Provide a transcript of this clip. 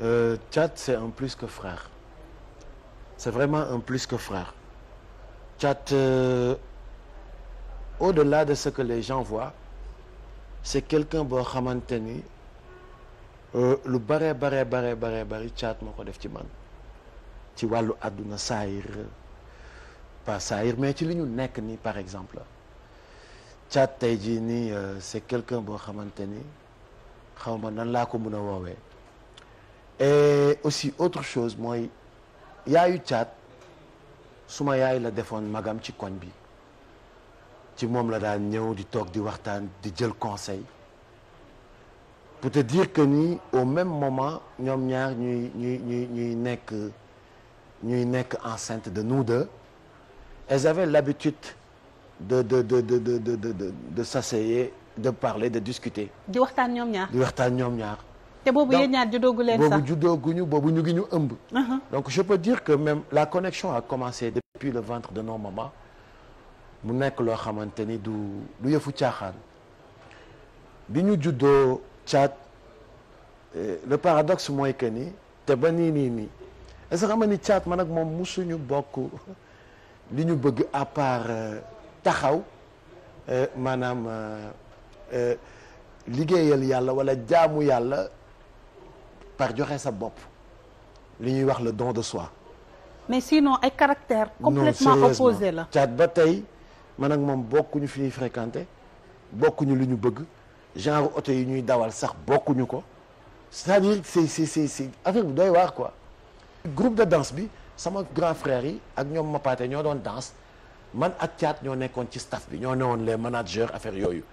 Euh, Tchad c'est un plus que frère c'est vraiment un plus que frère Tchad euh, au-delà de ce que les gens voient c'est quelqu'un boo xamante ni euh, lu bare bare bare bare bari Tchad moo ko def ci man ci wàllu àdduna saayir pas saayir mais ci li ñu nekk nii par exemple Tchad tey jii nii euh, c'est quelqu'un boo xamante ni xaw ma nan laa ko mën a woowee et aussi autre chose mooy yaayu caat suma yaay la defoon magam ci koñ bi ci moom la daan ñëw di toog di waxtaan di jël conseil pour te dire que ni au même moment ñoom ñaar ñuy ñuy ñuy ñuy nekk ñuy nekk enceinte de nous deux elles avaient l'habitude de de de de de de de de s'asseoir de parler de discuter. di waxtaan ñoom ñaar di waxtaan ñoom ñaar. te boobu yéen ñaar juddoogu leen sax boobu juddooguñu boobu ñu gi ñu ëmb. Uh-huh. donc je peu dire que même la connexion a commencé depuis le ventre de nos mamans mu nekk loo xamante ni du du yëfu caaxaan bi ñu juddoo caat eh, le paradoxe mooy que ni te ba ni nii nii est ce que xam nga ni caat man ak moom musuñu bokk li ñu bëgg à part euh, taxaw euh, maanaam euh, liggéeyal yàlla wala jaamu yàlla. par joxe sa bopp lu ñuy wax le don de soi. mais sinon ay caractères complètement opposés la caat ba tey man ak moom bokkuñu fi ñuy fréquenté bokkuñu lu ñu bëgg genre oto yi ñuy dawal sax bokkuñu ko c'est-à-dire si si c'est c'est affaire bi doy waar quoi groupe de danse bi sama grand frère yi ak ñoom Mapaate ñoo doon danse man ak caat ñoo nekkoon ci staff bi ñoo newoon les managers affaire yooyu